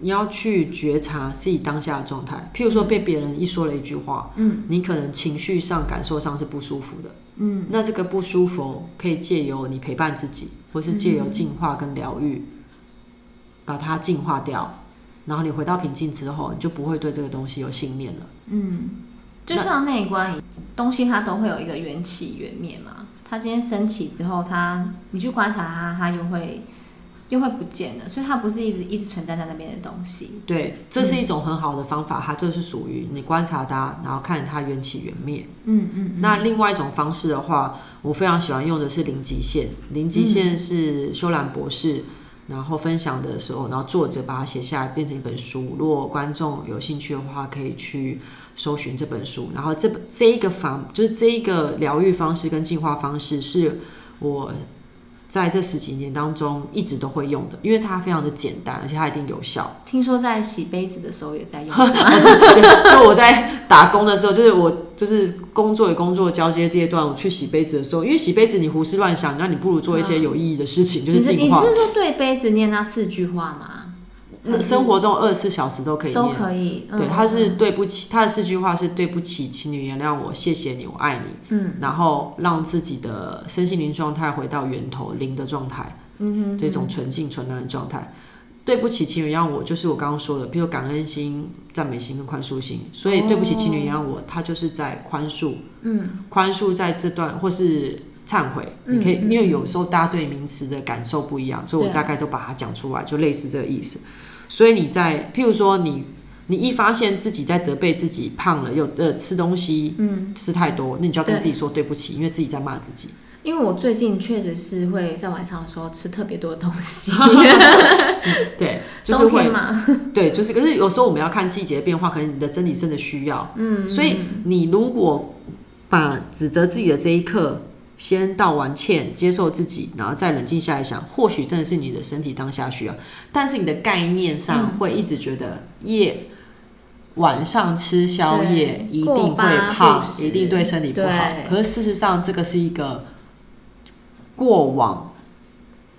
你要去覺察自己當下的狀態。譬如說，被別人一說了一句話，嗯，你可能情緒上、感受上是不舒服的，嗯，那這個不舒服可以借由你陪伴自己，或是借由淨化跟療癒，嗯、把它淨化掉。然後你回到平靜之後，你就不會對這個東西有信念了。嗯，就像內觀一樣，那東西它都會有一個緣起緣滅嘛。它今天升起之後它，它你去觀察它，它又會。又會不見了，所以它不是一直一直存在在那邊的東西。對，這是一種很好的方法，嗯、它就是屬於你觀察它，然後看它緣起緣滅。嗯嗯。嗯嗯那另外一種方式的話，我非常喜歡用的是零極限。零極限是修蘭博士、嗯、然後分享的時候，然後作者把它寫下來變成一本書。如果觀眾有興趣的話，可以去搜尋這本書。然後這這一個方就是這一個療癒方式跟進化方式，是我。在這十幾年當中，一直都會用的，因為它非常的簡單，而且它一定有效。聽說在洗杯子的時候也在用。 啊、 就我在打工的時候，就是我就是工作與工作交接階段，我去洗杯子的時候，因為洗杯子你胡思亂想，那你不如做一些有意義的事情，哦、就是淨化。你，你是說對杯子念那四句話嗎？嗯、生活中二十四小時都可以念，都可以，嗯、對，他是對不起，他的四句話是對不起，請原諒我，謝謝你，我愛你，嗯，然後讓自己的身心靈狀態回到源頭零的狀態，嗯哼，這種純淨純良的狀態。嗯嗯、對不起，請原諒我，就是我剛剛說的，比如感恩心、讚美心跟寬恕心，所以對不起，哦、請原諒我，他就是在寬恕，嗯，寬恕在這段或是懺悔，你可以，嗯嗯嗯，因為有時候大家對名詞的感受不一樣，所以我大概都把它講出來，啊、就類似這個意思。所以你在，譬如說你，你一發現自己在責備自己胖了，又呃吃東西，嗯，吃太多，嗯、那你就要跟自己說對不起，對因為自己在罵自己。因為我最近確實是會在晚上的時候吃特別多的東西、 嗯，對，就是會嘛，冬天對，就是。可是有時候我們要看季節的變化，可能你的身體真的需要，嗯，所以你如果把指責自己的這一刻，先道完歉，接受自己，然後再冷靜下來想，或許真的是你的身體當下需要，但是你的概念上會一直覺得夜、嗯、晚上吃宵夜對一定會胖，一定對身體不好。對可是事實上，這個是一個過往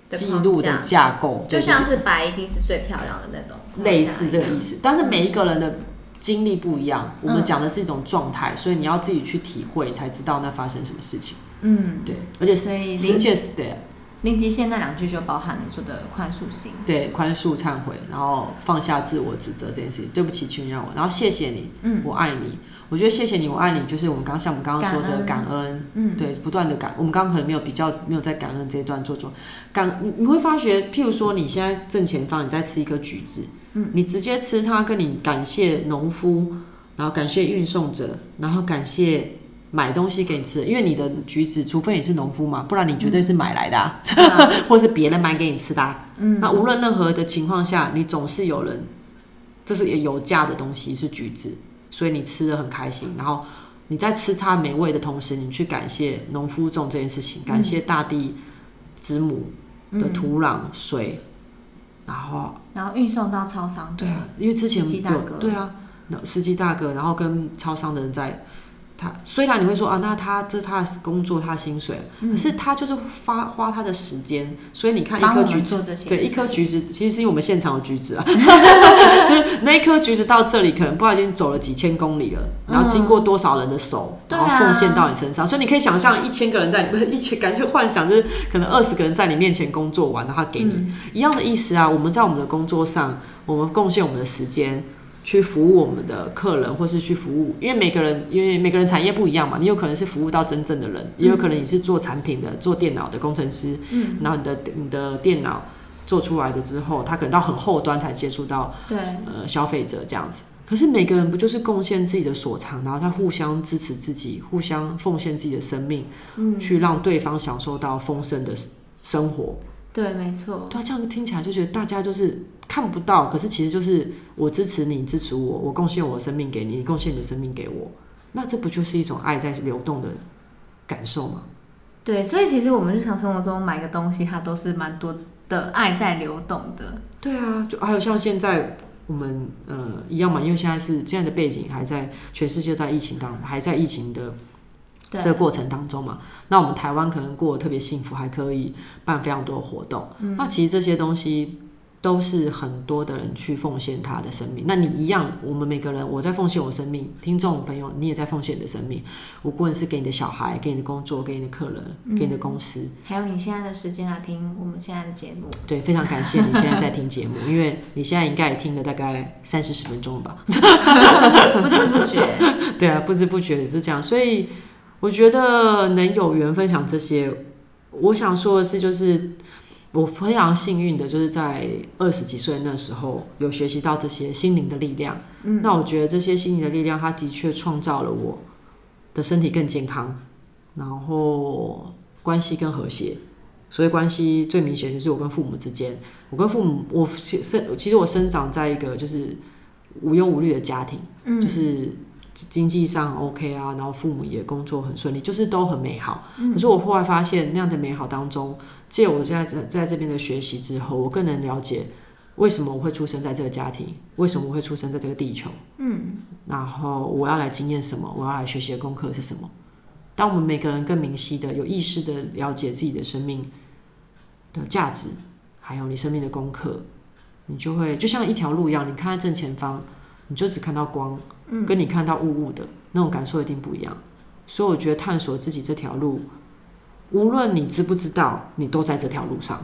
記錄的架構的，就像是白一定是最漂亮的那種，類似這個意思。嗯、但是每一個人的經歷不一樣，嗯、我們講的是一種狀態，所以你要自己去體會，才知道那發生什麼事情。嗯，對，而且是零界是零極限那兩句就包含你說的寬恕性，對，寬恕、懺悔，然後放下自我指責這件事情。對不起，請讓我，然後謝謝你，嗯，我愛你。我覺得謝謝你，我愛你，就是我們剛像我們剛剛說的感恩，嗯恩，對，不斷的感。我們剛剛可能沒有比較，沒有在感恩這一段做做感。你你會發覺，譬如說，你現在正前方你在吃一顆橘子，嗯，你直接吃它，跟你感謝農夫，然後感謝運送者，然後感謝。買東西給你吃，因為你的橘子，除非你是農夫嘛，不然你絕對是買來的，啊。嗯、 或者是別人買給你吃的。啊。嗯、那無論任何的情況下，你總是有人，這是有價的東西，是橘子，所以你吃的很開心。然後你在吃它美味的同時，你去感謝農夫種這件事情，感謝大地之母的土壤、嗯、水，然後然後運送到超商的。對啊，因為之前司機大哥，對啊，那司機大哥，然後跟超商的人在。雖然你會說啊，那他這是他的工作，他的薪水，嗯、可是他就是花花他的時間。所以你看，一顆橘子，對，一顆橘子，其實是因為我們現場的橘子啊，嗯、 就是那一顆橘子到這裡，可能不知道已經走了幾千公里了，然後經過多少人的手，嗯、然後奉獻到你身上。啊、所以你可以想象，一千個人在你，一千，感覺幻想就是可能二十個人在你面前工作完，然後給你、嗯、一樣的意思啊。我們在我們的工作上，我們貢獻我們的時間。去服務我們的客人，或是去服務，因為每個人，因為每個人產業不一樣嘛，你有可能是服務到真正的人，嗯、也有可能你是做產品的，做電腦的工程師，嗯，然後你的你的電腦做出來的之後，他可能到很後端才接觸到，對，呃，消費者這樣子。可是每個人不就是貢獻自己的所長，然後他互相支持自己，互相奉獻自己的生命，嗯，去讓對方享受到豐盛的生活。對，沒錯。對、啊，這樣子聽起來就覺得大家就是。看不到，可是其實就是我支持你，你支持我，我貢獻我的生命給你，你貢獻你的生命給我，那這不就是一種愛在流動的感受嗎？對，所以其實我們日常生活中買個東西，它都是蠻多的愛在流動的。對啊，就還有像現在我們呃一樣嘛，因為現在是現在的背景還在全世界在疫情當，還在疫情的這個過程當中嘛。啊，那我們台灣可能過得特別幸福，還可以辦非常多的活動。嗯，那其實這些東西。都是很多的人去奉獻他的生命。那你一樣，我們每個人，我在奉獻我的生命，聽眾朋友，你也在奉獻你的生命。無論是給你的小孩，給你的工作，給你的客人，嗯、給你的公司，還有你現在的時間來、啊、聽我們現在的節目。對，非常感謝你現在在聽節目， 因為你現在應該也聽了大概三四十,十分鐘了吧。 不知不覺。對啊，不知不覺就這樣。所以我覺得能有緣分享這些，嗯、我想說的是，就是。我非常幸運的，就是在二十幾歲那時候有學習到這些心靈的力量。嗯，那我覺得這些心靈的力量，它的確創造了我的身體更健康，然後關係更和諧。所以關係最明顯就是我跟父母之間，我跟父母，我生其實我生長在一個就是無憂無慮的家庭，嗯，就是。經濟上 OK 啊，然後父母也工作很順利，就是都很美好。可是我後來發現，那樣的美好當中，借、嗯、我現在在在這邊的學習之後，我更能了解為什麼我會出生在這個家庭，為什麼我會出生在這個地球。嗯，然後我要來經驗什麼，我要來學習的功課是什麼？當我們每個人更明晰的、有意識的了解自己的生命的價值，還有你生命的功課，你就會就像一條路一樣，你看在正前方，你就只看到光。跟你看到霧霧的那種感受一定不一樣，所以我覺得探索自己這條路，無論你知不知道，你都在這條路上。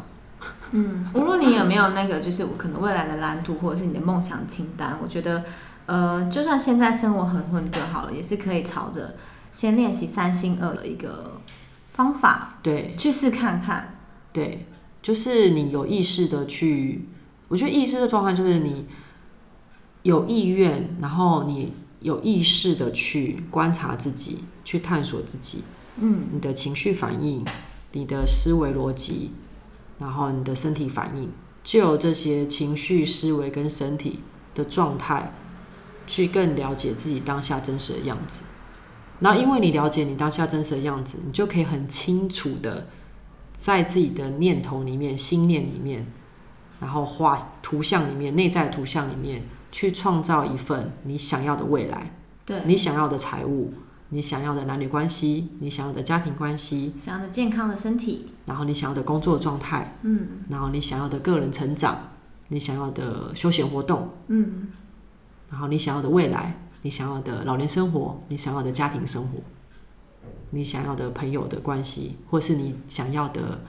嗯，無論你有沒有那個，就是我可能未來的藍圖或者是你的夢想清單，我覺得，呃，就算現在生活很混沌好了，也是可以朝着先練習三心二意一個方法，對，去試看看。對，就是你有意識的去，我覺得意識的狀態就是你。有意願，然後你有意識的去觀察自己，去探索自己，嗯，你的情緒反應，你的思維邏輯，然後你的身體反應，就有這些情緒、思維跟身體的狀態，去更了解自己當下真實的樣子。然後，因為你了解你當下真實的樣子，你就可以很清楚的在自己的念頭裡面、心念裡面，然後畫圖像裡面、內在圖像裡面。去創造一份你想要的未來，對你想要的財務，你想要的男女關係，你想要的家庭關係，想要的健康的身體，然後你想要的工作狀態，嗯，然後你想要的個人成長，你想要的休閒活動，嗯，然後你想要的未來，你想要的老年生活，你想要的家庭生活，你想要的朋友的關係，或是你想要的，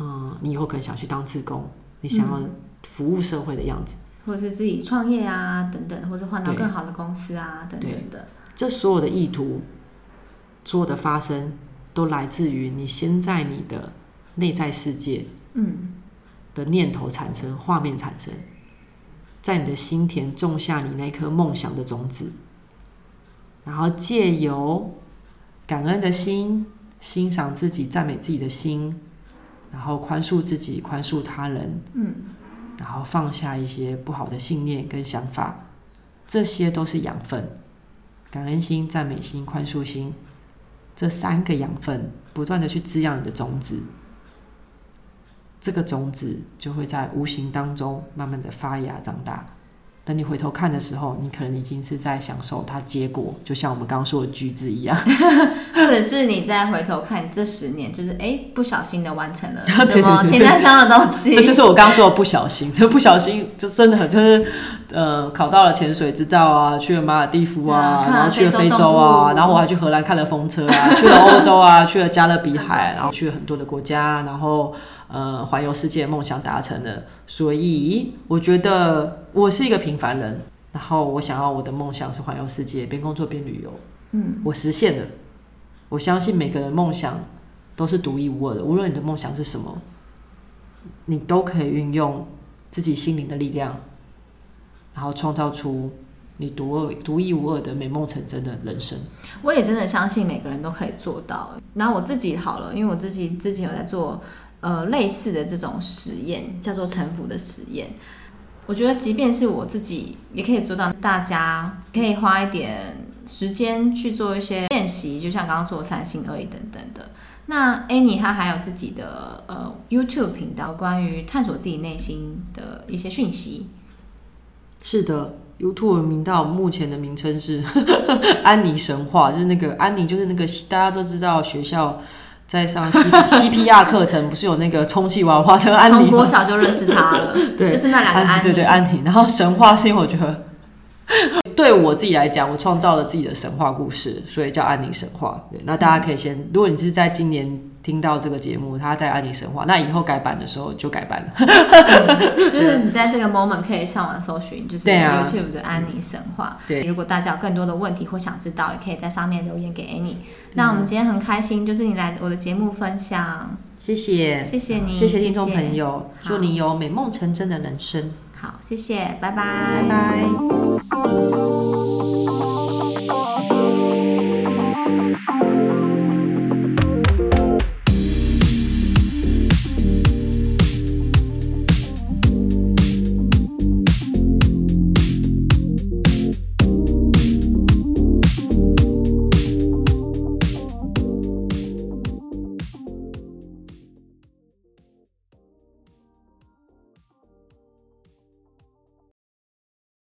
嗯，你以後可能想去當志工，你想要服務社會的樣子。或是自己創業啊，等等，或是換到更好的公司啊，對等等的。這所有的意圖，所有的發生，都來自於你先在你的內在世界，嗯，的念頭產生、嗯、畫面產生，在你的心田種下你那顆夢想的種子，然後借由感恩的心、欣賞自己、讚美自己的心，然後寬恕自己、寬恕他人，嗯。然後放下一些不好的信念跟想法，這些都是養分。感恩心、讚美心、寬恕心，這三個養分不斷的去滋養你的種子，這個種子就會在無形當中慢慢的發芽長大。等你回頭看的時候，你可能已經是在享受它結果，就像我們剛剛說的橘子一樣，或者 是你在回頭看這十年，就是哎，不小心的完成了 什麼清單上的東西。 這就是我剛剛說的不小心，不小心就真的很就是，呃，考到了潛水執照啊，去了馬爾地夫啊，啊然後去了非洲啊，然後我還去荷蘭看了風車啊， 去了歐洲啊，去了加勒比海， 然後去了很多的國家，然後呃，環遊世界的夢想達成了，所以我覺得。我是一個平凡人，然後我想要我的夢想是環遊世界，邊工作邊旅遊。嗯，我實現了。我相信每個人夢想都是獨一無二的，無論你的夢想是什麼，你都可以運用自己心靈的力量，然後創造出你獨二、獨一無二的美夢成真的人生。我也真的相信每個人都可以做到。那我自己好了，因為我自己之前有在做呃類似的這種實驗，叫做臣服的實驗。我覺得即便是我自己，也可以做到。大家可以花一點時間去做一些練習，就像剛剛說三心二意等等的。那安妮她還有自己的呃 YouTube 頻道，關於探索自己內心的一些訊息。是的，YouTube 頻道目前的名稱是安妮神話，就是那個安妮，就是那個大家都知道學校。在上 CPR 課程， 不是有那個充氣娃娃的安妮，從國小就認識他了， 對，就剩下兩個安妮，對對，對安妮。然後神話是，因為我覺得 對我自己來講，我創造了自己的神話故事，所以叫安妮神話對。那大家可以先，嗯、如果你是在今年，聽到這個節目，他在安妮神話。那以後改版的時候就改版了。 嗯、就是你在這個 moment 可以上網搜尋，就是 YouTube 的安妮神話。對、啊，如果大家有更多的問題或想知道，也可以在上面留言給你。嗯、那我們今天很開心，就是你來我的節目分享，謝謝，謝謝你，謝謝聽眾朋友，謝謝好祝你有美夢成真的人生。好，謝謝，拜拜，拜拜。